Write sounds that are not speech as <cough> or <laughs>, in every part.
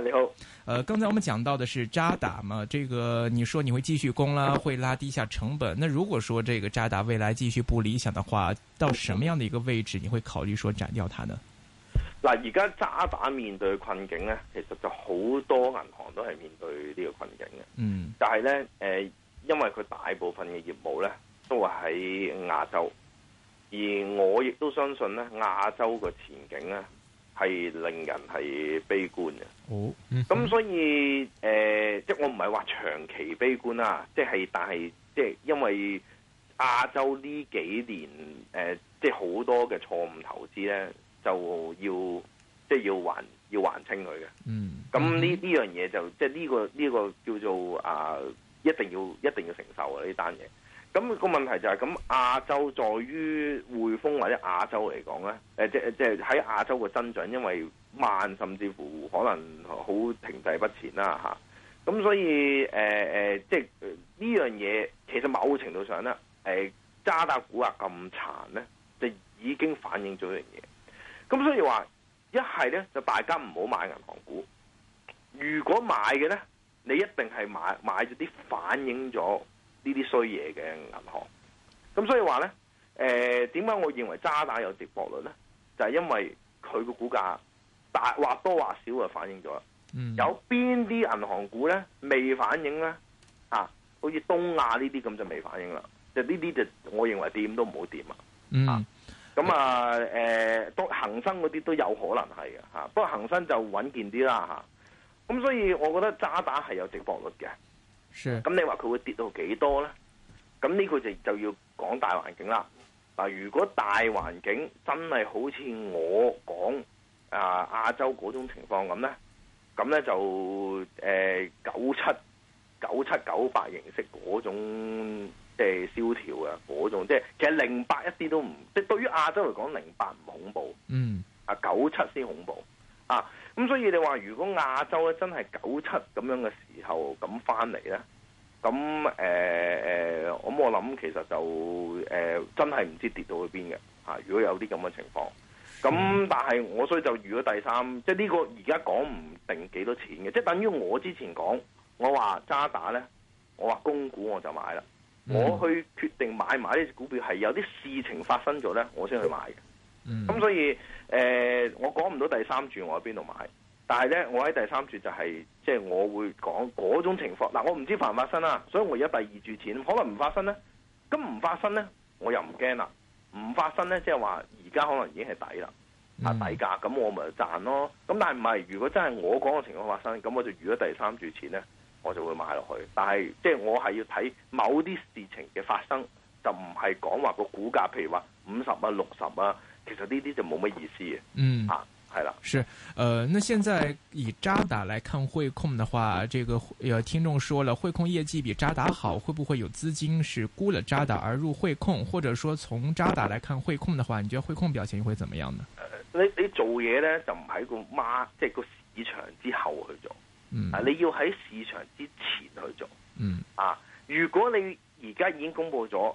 你好，誒、呃，剛才我們講到的是渣打嘛，這個你說你會繼續供啦，啊，會拉低下成本。那如果說這個渣打未來繼續不理想的話，到什麼樣的一個位置你會考慮說斬掉它呢？嗱，而家渣打面對困境呢，其實就好多銀行都係面對呢個困境嘅。嗯，但係呢，誒、呃，因為佢大部分嘅業務呢，都係喺亞洲，而我亦都相信呢亞洲嘅前景咧。係令人係悲觀嘅，咁、oh. mm -hmm. 所以誒、呃，即係我唔係話長期悲觀啦，即係但係即係因為亞洲呢幾年誒、呃，即係好多嘅錯誤投資咧，就要即係要還要還清佢嘅。咁呢呢樣嘢就即係、呢個、呢個呢、呢個叫做啊、呃，一定要一定要承受嘅呢單嘢。咁、那個問題就係咁亞洲在於匯豐或者亞洲嚟講咧，誒、就是，即係即係喺亞洲嘅增長，因為慢甚至乎可能好停滯不前啦、啊，吓。咁所以誒誒，即係呢樣嘢，其實某個程度上咧，誒、呃，渣打股啊咁殘咧，就已經反映咗一樣嘢。咁所以話，一係咧就大家唔好買銀行股。如果買嘅咧，你一定係買買咗啲反映咗。呢啲衰嘢嘅銀行，咁所以話咧，誒點解我認為渣打有值博率咧？就係、是、因為佢個股價大或多或少就反映咗、嗯，有邊啲銀行股咧未反映咧？啊，好似東亞呢啲咁就未反映啦，就呢啲就我認為掂都唔好掂、嗯、啊！嗯，咁、嗯、啊誒，都、呃、恒生嗰啲都有可能係嘅嚇，不過恒生就穩健啲啦嚇。咁、啊、所以我覺得渣打係有值博率嘅。咁你話佢會跌到幾多咧？咁呢個就就要講大環境啦。嗱，如果大環境真係好似我講啊亞洲嗰種情況咁咧，咁咧就誒九七九七九八形式嗰種即係蕭條啊，嗰、即係、種即係其實零八一啲都唔即係對於亞洲嚟講零八唔恐怖，嗯啊九七先恐怖。啊，咁所以你話如果亞洲咧真係九七咁樣嘅時候咁翻嚟咧，咁誒誒，咁、呃呃嗯、我諗其實就誒、呃、真係唔知跌到去邊嘅吓，如果有啲咁嘅情況，咁但係我所以就預咗第三，即係呢個而家講唔定幾多錢嘅，即係等於我之前講，我話渣打咧，我話供股我就買啦、嗯，我去決定買埋啲股票係有啲事情發生咗咧，我先去買嘅。咁、嗯、所以，誒、呃，我講唔到第三注我喺邊度買，但係咧，我喺第三注就係、是，即、就、係、是、我會講嗰種情況。嗱，我唔知發唔發生啦、啊，所以我而家第二注錢，可能唔發生咧，咁唔發生咧，我又唔驚啦。唔發生咧，即係話而家可能已經係底啦，啊、嗯、底價，咁我咪就賺咯。咁但係唔係，如果真係我講嘅情況發生，咁我就預咗第三注錢咧，我就會買落去。但係，即、就、係、是、我係要睇某啲事情嘅發生，就唔係講話個股價，譬如話五十啊、六十啊。其實呢啲就冇乜意思。嗯，啊，係啦，是，呃，那現在以渣打來看匯控的話，這個有聽眾說了匯控業績比渣打好，會不會有資金是沽了渣打而入匯控？或者說從渣打來看匯控的話，你覺得匯控表現會怎麼樣呢？呃、你你做嘢咧就唔喺個媽，即係個市場之後去做，嗯，啊，你要喺市場之前去做，嗯，啊，如果你而家已經公布咗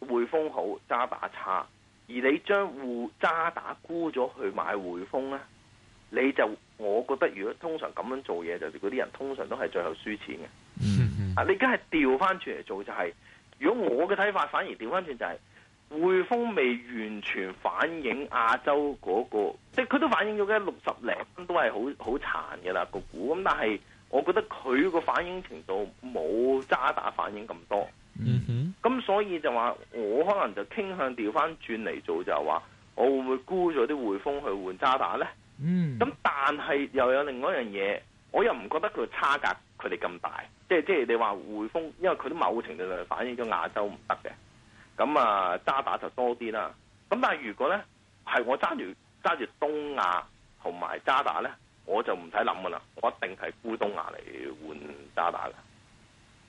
匯豐好，渣打差。而你將戶渣打沽咗去買匯豐咧，你就我覺得，如果通常咁樣做嘢，就係嗰啲人通常都係最後輸錢嘅。嗯嗯，啊，你而家係調翻轉嚟做，就係、是、如果我嘅睇法，反而調翻轉就係、是、匯豐未完全反映亞洲嗰、那個，即係佢都反映咗嘅六十零都係好好殘嘅啦、那個股。咁但係我覺得佢個反映程度冇渣打反應咁多。嗯哼。咁所以就話，我可能就傾向調翻轉嚟做，就係話，我會唔會沽咗啲匯豐去換渣打咧？嗯。咁但係又有另外一樣嘢，我又唔覺得佢差價佢哋咁大，即係即係你話匯豐，因為佢啲某程度上反映咗亞洲唔得嘅。咁啊，渣打就多啲啦。咁但係如果咧，係我揸住揸住東亞同埋渣打咧，我就唔使諗噶啦，我一定係沽東亞嚟換渣打嘅。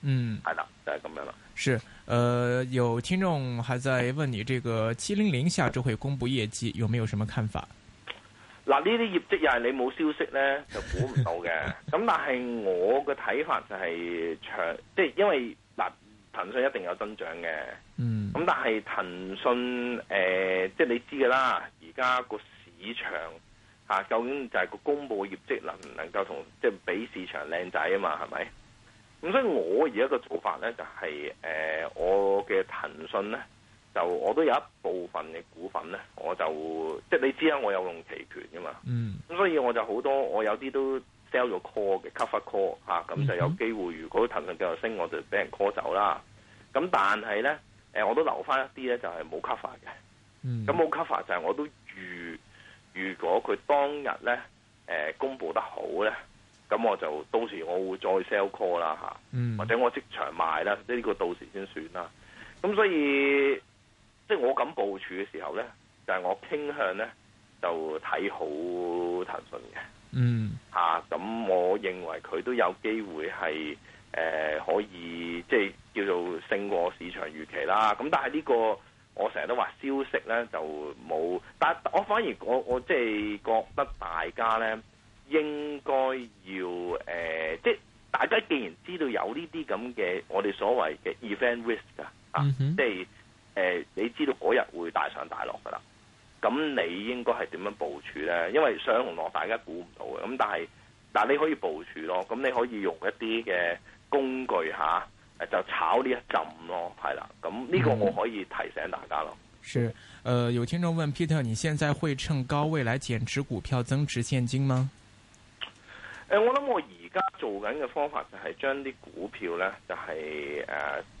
嗯，係啦，就係、是、咁樣啦。是，誒、呃，有聽眾還在問你，這個七零零下周會公布業績，有沒有什麼看法？嗱，呢啲業績又係你冇消息咧，就估唔到嘅。咁 <laughs> 但係我嘅睇法就係長，即、就、係、是、因為嗱，騰訊一定有增長嘅。嗯。咁但係騰訊誒，即、呃、係、就是、你知噶啦，而家個市場吓、啊，究竟就係個公布業績能唔能夠同即係比市場靚仔啊嘛？係咪？咁所以我而家嘅做法咧就係、是，誒、呃、我嘅騰訊咧，就我都有一部分嘅股份咧，我就即係、就是、你知啦，我有用期權㗎嘛。嗯。咁所以我就好多，我有啲都 sell 咗 call 嘅 cover call 吓、啊，咁就有機會如果騰訊繼續升，我就俾人 call 走啦。咁但係咧，誒、呃、我都留返一啲咧，就係冇 cover 嘅。咁冇 cover 就係我都預，如果佢當日咧，誒、呃、公佈得好咧。咁我就到時我會再 sell call 啦，或者我即場賣啦，即呢個到時先算啦。咁所以即我咁部署嘅時候咧，就係、是、我傾向咧就睇好騰訊嘅。嗯、mm. 啊，咁，我認為佢都有機會係、呃、可以即叫做勝過市場預期啦。咁但係、這、呢個我成日都話消息咧就冇，但係我反而我我即係覺得大家咧。應該要、呃、即大家既然知道有呢啲咁嘅我哋所謂嘅 event risk、嗯、啊，即係、呃、你知道嗰日會大上大落㗎啦，咁你應該係點樣部署咧？因為上紅落大家估唔到嘅，咁但係但你可以部署咯，咁你可以用一啲嘅工具下、啊，就炒呢一陣咯，係啦，咁、這、呢個我可以提醒大家咯。是，呃、有聽眾問 Peter，你現在會趁高位嚟減持股票、增值現金嗎？誒，我諗我而家做緊嘅方法就係將啲股票呢，就係誒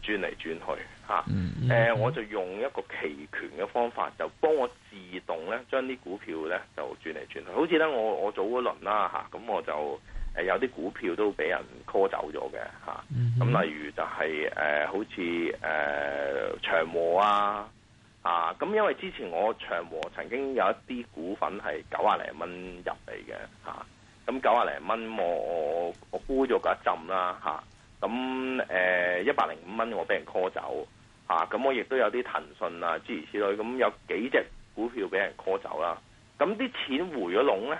轉嚟轉去嚇。誒、啊 mm -hmm. 呃，我就用一個期權嘅方法，就幫我自動呢將啲股票呢，就轉嚟轉去。好似呢，我我早嗰輪啦嚇，咁、啊、我就、呃、有啲股票都俾人 call 走咗嘅嚇。咁、啊 mm -hmm. 啊、例如就係、是、誒、呃，好似誒、呃、長和啊啊，咁、啊、因為之前我長和曾經有一啲股份係九啊零蚊入嚟嘅嚇。咁九啊零蚊我我沽咗嗰一浸啦吓。咁誒一百零五蚊我俾人 call 走吓。咁、啊、我亦都有啲騰訊啊諸如此類，咁有幾隻股票俾人 call 走啦，咁、啊、啲錢回咗籠咧，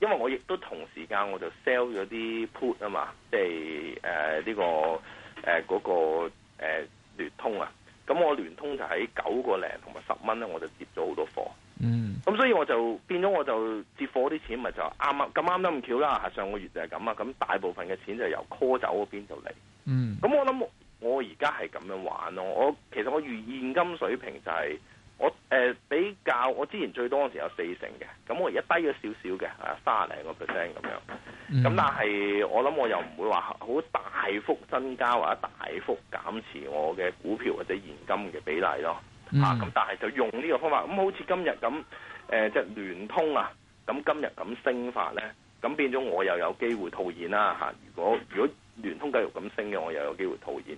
因為我亦都同時間我就 sell 咗啲 put 啊嘛，即係誒呢個誒嗰、呃嗰個誒、呃、聯通啊，咁我聯通就喺九個零同埋十蚊咧，我就接咗好多貨。嗯，咁所以我就變咗，我就接貨啲錢，咪就啱啱咁啱得咁巧啦。係上個月就係咁啊，咁大部分嘅錢就由 call 走嗰邊度嚟。嗯，咁我諗我而家係咁樣玩咯。我其實我預現金水平就係、是、我、呃、比較，我之前最多嗰時有四成嘅，咁我而家低咗少少嘅，三十零個 percent 咁樣。咁、嗯、但係我諗我又唔會話好大幅增加或者大幅減持我嘅股票或者現金嘅比例咯。吓、嗯、咁、啊，但係就用呢個方法咁、嗯，好似今日咁，誒、呃，即係聯通啊，咁、嗯、今日咁升法咧，咁變咗我又有機會套現啦、啊、吓、啊。如果如果聯通繼續咁升嘅，我又有機會套現。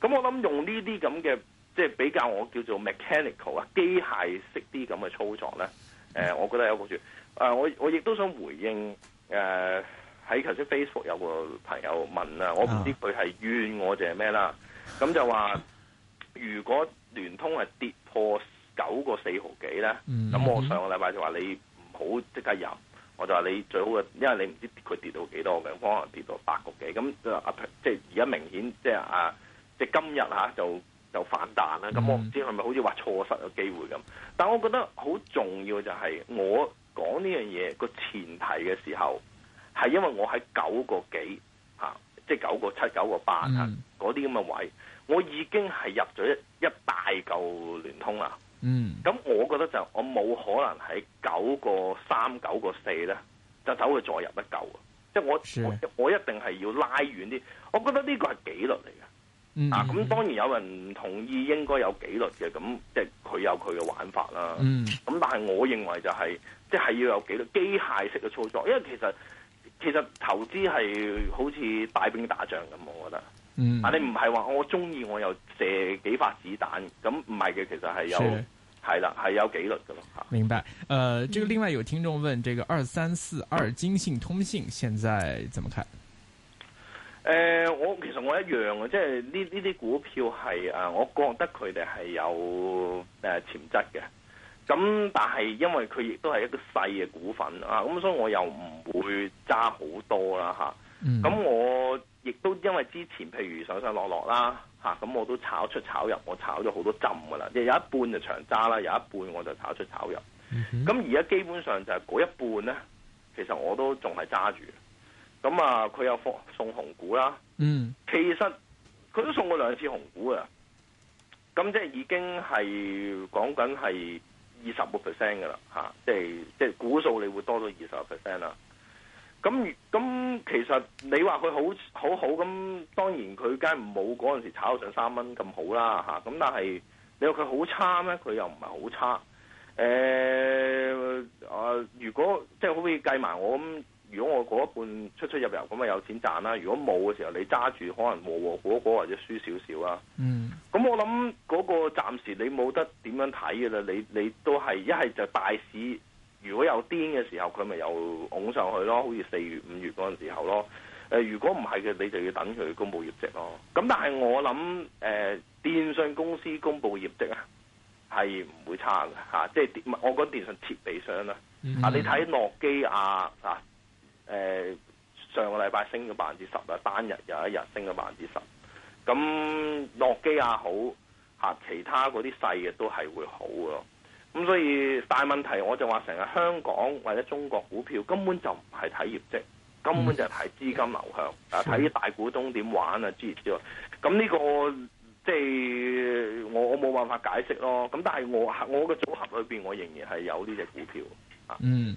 咁、嗯、我諗用呢啲咁嘅，即係比較我叫做 mechanical 啊，機械式啲咁嘅操作咧，誒、呃，我覺得有好處。誒、呃，我我亦都想回應誒，喺頭先 Facebook 有個朋友問啊，我唔知佢係怨我淨係咩啦。咁、嗯、就話如果。聯通係跌破九個四毫幾咧，咁、嗯、我上個禮拜就話你唔好即刻入，我就話你最好嘅，因為你唔知佢跌到幾多嘅，可能跌到八個幾。咁、啊、即係而家明顯即係啊，即係今日嚇、啊、就就反彈啦。咁、嗯、我唔知係咪好似話錯失咗機會咁，但我覺得好重要就係我講呢樣嘢個前提嘅時候，係因為我喺九個幾嚇、啊，即係九個七九個八嚇嗰啲咁嘅位。我已經係入咗一一大嚿聯通啦，嗯，咁我覺得就我冇可能喺九個三九個四咧，就走去再入一嚿啊！即係我我我一定係要拉遠啲，我覺得呢個係紀律嚟嘅、嗯，啊，咁當然有人唔同意應該有紀律嘅，咁即係佢有佢嘅玩法啦，嗯，咁但係我認為就係即係要有紀律機械式嘅操作，因為其實其實投資係好似帶兵打仗咁，我覺得。嗯，但係唔係話我中意我又射幾發子彈，咁唔係嘅，其實係有係啦，係有紀律噶咯明白。誒、呃，即、這個另外有聽眾問，這個二三四二京信通信現在怎麼睇？誒、呃，我其實我一樣啊，即係呢呢啲股票係誒，我覺得佢哋係有誒、呃、潛質嘅。咁但係因為佢亦都係一個細嘅股份啊，咁所以我又唔會揸好多啦吓。啊咁、嗯、我亦都因為之前，譬如上上落落啦，嚇、啊、咁我都炒出炒入，我炒咗好多針噶啦，即有一半就長揸啦，有一半我就炒出炒入。咁、嗯、而家基本上就係嗰一半咧，其實我都仲係揸住。咁啊，佢有放送紅股啦。嗯，其實佢都送過兩次紅股啊。咁即係已經係講緊係二十個 percent 噶啦，即係即係股數你會多到二十個 percent 啦。咁咁其實你話佢好，好好好咁，當然佢梗係冇嗰陣時炒到上三蚊咁好啦吓。咁但係你話佢好差咩？佢又唔係好差。誒、呃呃、如果即係可唔可以計埋我咁，如果我嗰一半出出入入咁咪有錢賺啦。如果冇嘅時候，你揸住可能和和果果或者輸少少啦。嗯。咁我諗嗰個暫時你冇得點樣睇嘅啦。你你都係一係就大市。如果有癲嘅時候，佢咪又拱上去咯，好似四月、五月嗰陣時候咯。誒、呃，如果唔係嘅，你就要等佢公佈業績咯。咁但係我諗誒、呃，電信公司公佈業績是不會差的啊，係唔會差嘅嚇。即係我講電信設備商啦。啊，你睇諾基亞啊，誒、呃、上個禮拜升咗百分之十啊，單日有一日升咗百分之十。咁諾基亞好嚇、啊，其他嗰啲細嘅都係會好喎。咁所以大問題我就話，成日香港或者中國股票根本就唔係睇業績，根本就係睇資金流向、嗯、啊，睇啲大股東點玩啊之類之咁呢個即係、就是、我我冇辦法解釋咯。咁但係我我嘅組合裏邊，我仍然係有呢隻股票啊。嗯。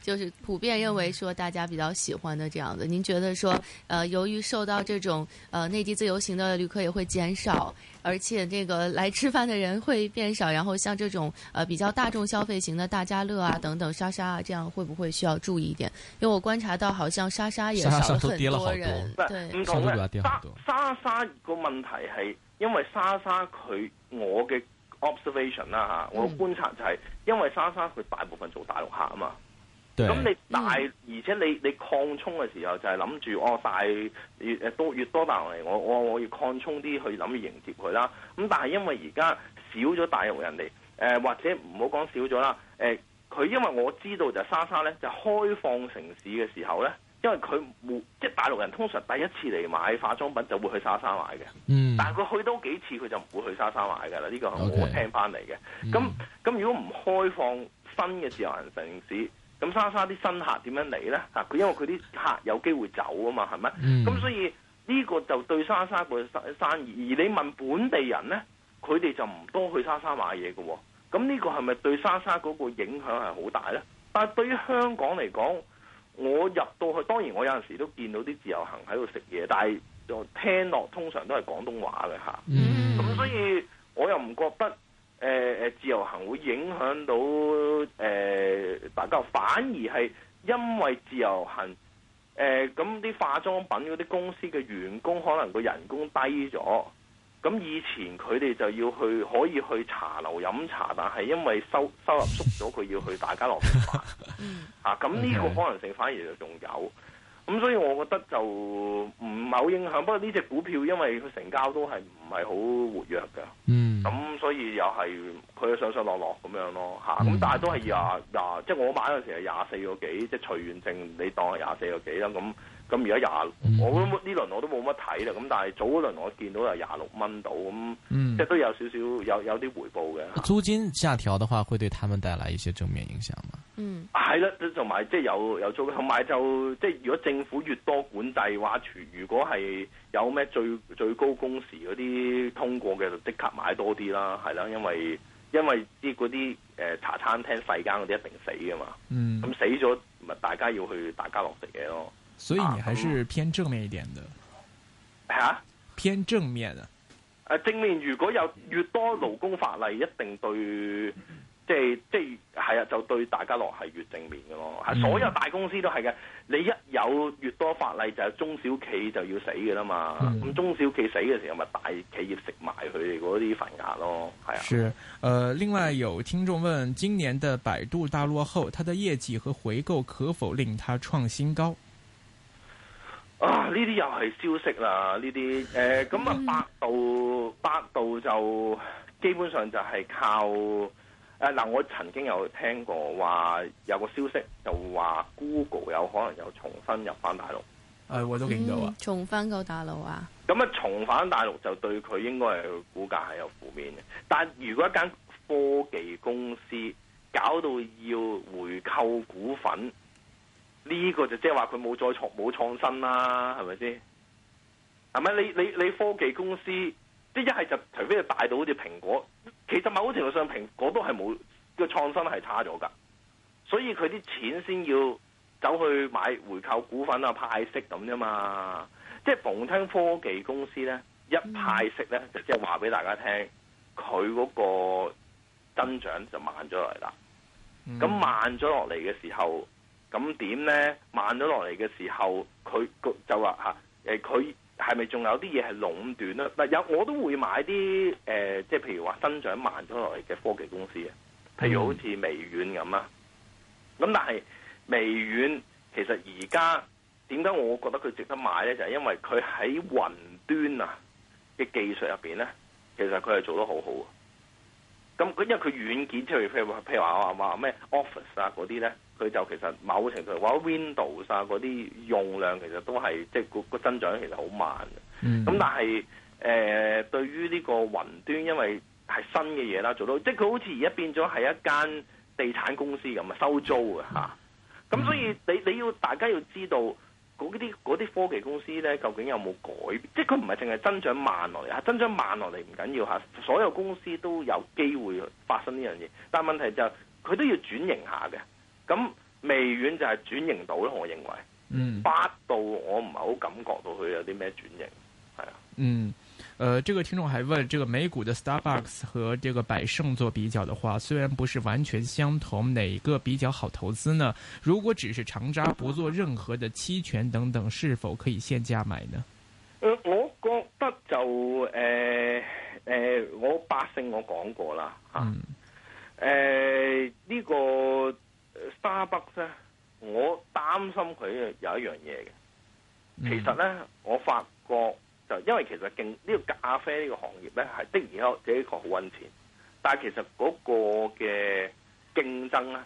就是普遍認為說大家比較喜歡的這樣子，您覺得說呃，由於受到這種呃內地自由行的旅客也會減少，而且這個來吃飯的人會變少，然後像這種呃比較大眾消費型的大家樂啊等等，莎莎啊這樣會不會需要注意一點？因為我觀察到好像莎莎也少了很多人，沙沙都跌咗好多對，莎莎個問題係因為莎莎佢我嘅 observation 啦、啊、吓，我的觀察就係因為莎莎佢大部分做大陸客啊嘛。咁你大，而且你你擴充嘅時候就係諗住哦，大越多越多大陸嚟，我我我要擴充啲去諗住迎接佢啦。咁但係因為而家少咗大陸人嚟、呃，或者唔好講少咗啦。佢、呃、因為我知道就莎莎咧就是、開放城市嘅時候咧，因為佢冇，即、就、係、是、大陸人通常第一次嚟買化妝品就會去莎莎買嘅。嗯，但係佢去多幾次佢就唔會去莎莎買噶啦。呢個係我聽翻嚟嘅。咁、okay, 咁、嗯、如果唔開放新嘅自由行城市。咁莎莎啲新客點樣嚟呢？佢因為佢啲客有機會走啊嘛，係咪？咁、mm. 所以呢個就對莎莎個生意。而你問本地人呢，佢哋就唔多去莎莎買嘢嘅。咁呢個係咪對莎莎嗰個影響係好大呢？但係對於香港嚟講，我入到去，當然我有陣時都見到啲自由行喺度食嘢，但係就聽落通常都係廣東話嘅嚇。咁、mm. 所以我又唔覺得。誒、呃、自由行會影響到誒、呃、大家，反而係因為自由行，誒咁啲化妝品嗰啲公司嘅員工可能個人工低咗，咁以前佢哋就要去可以去茶樓飲茶，但係因為收收入縮咗，佢要去大家樂食飯， <laughs> 啊，咁呢個可能性反而就仲有。咁所以我覺得就唔係好影響。不過呢隻股票因為佢成交都係唔係好活躍嘅，咁、嗯、所以又係佢上上落落咁樣咯吓，咁、嗯、但係都係廿廿，即係我買嗰陣時係廿四個幾，即係隨緣性，你當係廿四個幾啦咁。咁而家廿，我呢輪我都冇乜睇啦。咁但係早嗰輪我見到有廿六蚊到，咁、嗯、即係都有少少有有啲回報嘅。租金下調嘅話，會對佢哋帶來一些正面影響嘛，嗯，係啦，同埋即係有有租，同埋就即係如果政府越多管制話，如果係有咩最最高工時嗰啲通過嘅，就即刻買多啲啦，係啦，因為因為啲嗰啲茶餐廳細間嗰啲一定死嘅嘛。嗯，咁死咗咪大家要去大家樂食嘢咯。所以你還是偏正面一點的、啊、偏正面啊？正面如果有越多勞工法例，一定對即係即是啊，就對大家落係越正面嘅咯，嗯。所有大公司都係嘅。你一有越多法例，就有中小企就要死嘅啦嘛。咁、嗯、中小企死嘅時候，咪大企業食埋佢哋嗰啲份牙咯。係啊。是、呃、另外有聽眾問：今年的百度大落後，他的業績和回購可否令他創新高？啊！呢啲又係消息啦，呢啲誒咁啊，百度百度就基本上就係靠誒嗱、呃，我曾經有聽過話有個消息，就話 Google 有可能又重新入返大陸，係、哎、我都點到啊。嗯？重返個大陸啊？咁啊，重返大陸就對佢應該係股價係有負面嘅。但如果一間科技公司搞到要回購股份，呢個就即係話佢冇再創冇創新啦，係咪先？係咪你你你科技公司，即係一係就除非係大到好似蘋果，其實某程度上蘋果都係冇個創新係差咗噶，所以佢啲錢先要走去買回購股份啊，派息咁啫嘛。即係逢聽科技公司咧一派息咧、嗯，就即係話俾大家聽佢嗰個增長就慢咗落嚟啦。咁、嗯、慢咗落嚟嘅時候。咁點咧？慢咗落嚟嘅時候，佢就話吓，呃，佢係咪仲有啲嘢係壟斷咧？嗱，有我都會買啲、呃、即係譬如話增長慢咗落嚟嘅科技公司啊，譬如好似微軟咁啊。咁但係微軟其實而家點解我覺得佢值得買咧？就係、是、因為佢喺雲端啊嘅技術入邊咧，其實佢係做得好好。咁佢因為佢軟件，出去譬如譬如話話話咩 Office 啊嗰啲咧。佢就其實某程度，或者 Windows 啊嗰啲用量其實都係即係個增長其實好慢嘅。咁、嗯、但係誒、呃，對於呢個雲端，因為係新嘅嘢啦，做到即係佢好似而家變咗係一間地產公司咁啊，收租嘅啊嚇。咁所以你你要大家要知道嗰啲啲科技公司咧，究竟有冇改變？即係佢唔係淨係增長慢落嚟啊，增長慢落嚟唔緊要嚇，所有公司都有機會發生呢樣嘢。但係問題就係、係、佢都要轉型一下嘅。咁微軟就係轉型到啦，我認為。嗯，百度我唔係好感覺到佢有啲咩轉型，係啊。嗯，誒，這個聽眾還問，這個美股的 Starbucks 和這個百勝做比較的話，雖然不是完全相同，哪個比較好投資呢？如果只是長揸，不做任何的期權等等，是否可以現價買呢？誒、呃，我覺得就誒誒、呃呃，我百勝我講過啦，吓、嗯，誒、呃、呢、這個。星巴克咧，我擔心佢有一樣嘢嘅。其實咧，我發覺就因為其實競呢個咖啡呢個行業咧，係的而且確好揾錢，但係其實嗰個嘅競爭咧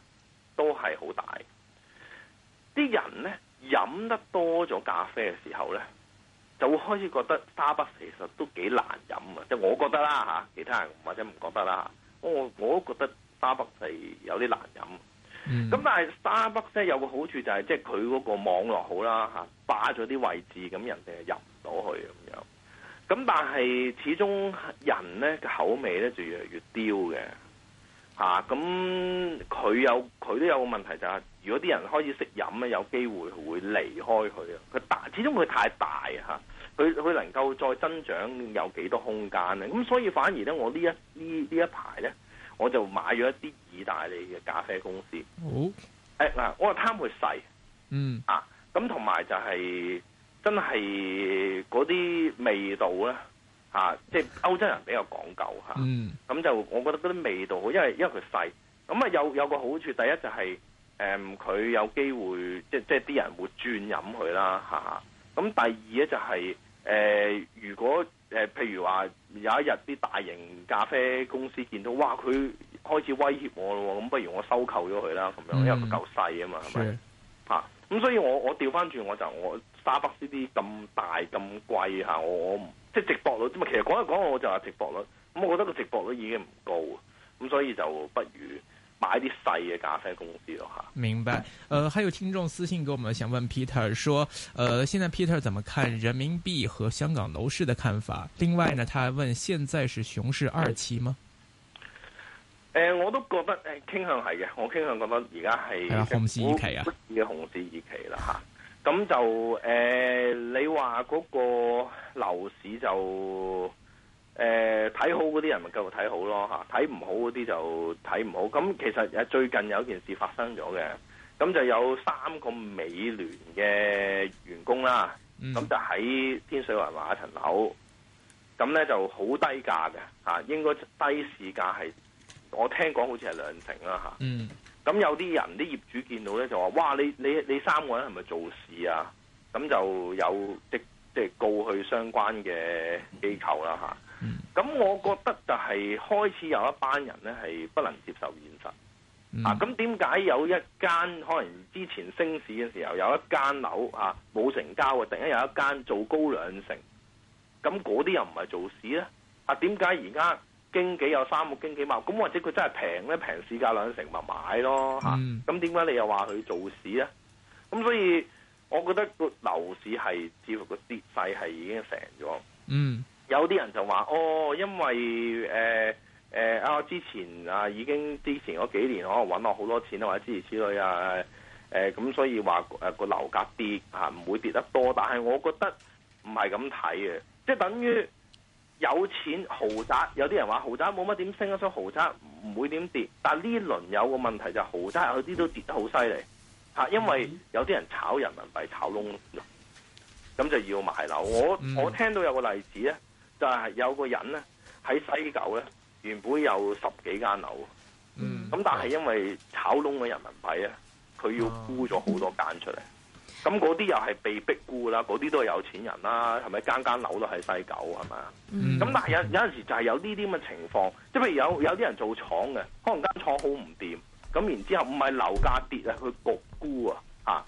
都係好大。啲人咧飲得多咗咖啡嘅時候咧，就會開始覺得星巴克 <music> 其實都幾難飲啊！即係我覺得啦嚇，其他人不或者唔覺得啦嚇。我我都覺得星巴克係有啲難飲。咁、嗯、但係 Starbucks 咧有個好處就係即係佢嗰個網絡好啦嚇，霸咗啲位置，咁人哋入唔到去咁樣。咁但係始終人咧嘅口味咧就越嚟越刁嘅嚇。咁佢有佢都有個問題就係，如果啲人開始食飲咧，有機會會離開佢啊。佢大始終佢太大嚇，佢佢能夠再增長有幾多空間咧？咁所以反而咧，我呢一呢呢一排咧。我就買咗一啲意大利嘅咖啡公司。好，誒、哎、嗱，我話貪佢細，嗯啊，咁同埋就係、是、真係嗰啲味道咧，嚇、啊，即、就、係、是、歐洲人比較講究嚇，咁、啊嗯、就我覺得嗰啲味道好，因為因為佢細，咁啊有有個好處，第一就係誒佢有機會，即即啲人會轉飲佢啦嚇，咁、啊、第二咧就係、是、誒、呃、如果，有一日啲大型咖啡公司見到，哇！佢開始威脅我咯，咁不如我收購咗佢啦，咁、嗯、樣，因為佢夠細啊嘛，係咪？嚇，咁、啊、所以我我調返轉我就我沙北呢啲咁大咁貴嚇，我唔即係值博率啫嘛。其實講一講我就話、是、值博率，咁我，我覺得個值博率已經唔高，咁所以就不如。買啲細嘅咖啡公司咯吓，明白。誒、呃，還有聽眾私信給我們，想問 Peter 說，誒、呃，現在 Peter 怎麼看人民幣和香港樓市的看法？另外呢，他問現在是熊市二期嗎？誒、呃，我都覺得誒，傾、哎、向係嘅。我傾向覺得而家係熊市二期啊，嘅熊市二期啦吓。咁、啊、就誒、呃，你話嗰個樓市就？誒、呃，睇好嗰啲人咪繼續睇好咯，吓，睇唔好嗰啲就睇唔好。咁其實誒最近有一件事發生咗嘅，咁就有三個美聯嘅員工啦，咁就喺天水圍華一層樓，咁咧就好低價嘅吓，應該低市價係，我聽講好似係兩成啦吓。咁有啲人啲業主見到咧就話：哇，你你你三個人係咪做事啊？咁就有即即告去相關嘅機構啦吓。咁、嗯、我覺得就係開始有一班人咧係不能接受現實、嗯、啊！咁點解有一間可能之前升市嘅時候有一間樓啊冇成交啊，突然間有一間做高兩成，咁嗰啲又唔係做市咧？啊，點解而家經紀有三個經紀賣？咁或者佢、啊、真係平咧，平市價兩成咪買咯吓？咁點解你又話佢做市咧？咁所以我覺得個樓市係似乎個跌勢係已經成咗。嗯。有啲人就話哦，因為誒誒啊，之前啊已經之前嗰幾年可能搵我好多錢啦，或者諸如此類啊誒，咁、呃，所以話誒個樓價跌啊，唔會跌得多。但係我覺得唔係咁睇嘅，即係等於有錢豪宅，有啲人話豪宅冇乜點升得出，所以豪宅唔會點跌。但係呢輪有個問題就是豪宅有啲都跌得好犀利吓，因為有啲人炒人民幣炒窿咁就要賣樓。我、嗯、我聽到有個例子咧。就係、是、有個人咧喺西九咧，原本有十幾間樓，咁、嗯、但係因為炒窿嘅人民幣咧，佢要沽咗好多間出嚟。咁嗰啲又係被逼沽啦，嗰啲都係有錢人啦，係咪間間樓都係西九係嘛？咁、嗯、但係有有陣時候就係有呢啲咁嘅情況，即係譬如有有啲人做廠嘅，可能間廠好唔掂，咁然之後唔係樓價跌去啊，佢焗沽啊，嚇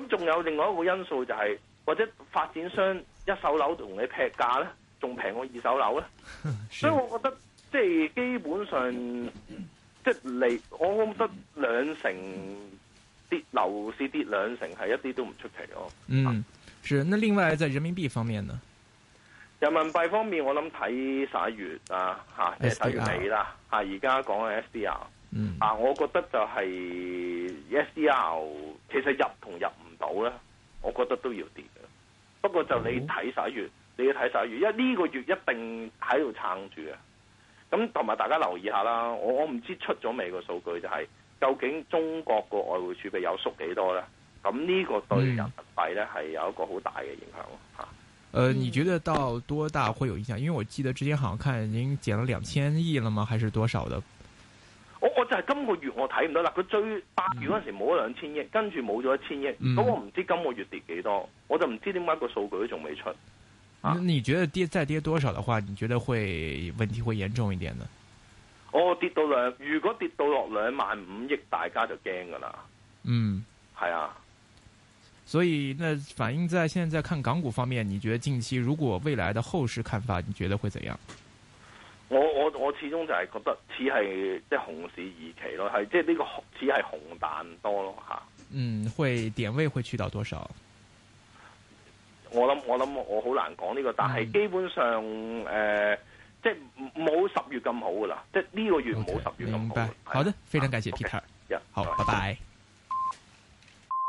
咁仲有另外一個因素就係、是、或者發展商一手樓同你劈價咧。仲平過二手樓咧，所以我覺得即係基本上，即係你，我覺得兩成跌樓市跌兩成係一啲都唔出奇囉。嗯，是。那另外在人民幣方面呢？人民幣方面，我諗睇十一月啊，吓即係十一月尾啦。吓、啊，而家講緊 SDR，、嗯、啊，我覺得就係 SDR，其實入同入唔到咧，我覺得都要跌嘅。不過就你睇十一月。哦你要睇十一月，因為呢個月一定喺度撐住嘅。咁同埋大家留意下啦，我我唔知出咗未個數據，就是，就係究竟中國個外匯儲備有縮幾多咧？咁呢個對人民幣咧係有一個好大嘅影響咯吓。誒、呃嗯，你覺得到多大會有影響？因為我記得之前好像看已經減咗兩千億了嗎？還是多少的？我我就係今個月我睇唔到啦。佢追八月嗰陣時冇咗兩千億，跟住冇咗一千億。咁、嗯、我唔知今個月跌幾多，我就唔知點解個數據都仲未出。你覺得跌再跌多少的話，你覺得會問題會嚴重一點呢？哦，跌到兩，如果跌到落兩萬五億，大家就驚㗎喇。嗯，係啊。所以，那反映在現在看港股方面，你覺得近期如果未來的後市看法，你覺得會怎樣？我我我始終就係覺得似係即係熊市二期咯，係即係呢個似係紅彈多吓、啊。嗯，會點位會去到多少？我諗我諗我好難講呢個，但係基本上誒、嗯呃，即係冇十月咁好㗎喇，即係呢個月冇十月咁好。明白。好的，非常感謝 Peter，okay, yeah, 好，right. 拜拜。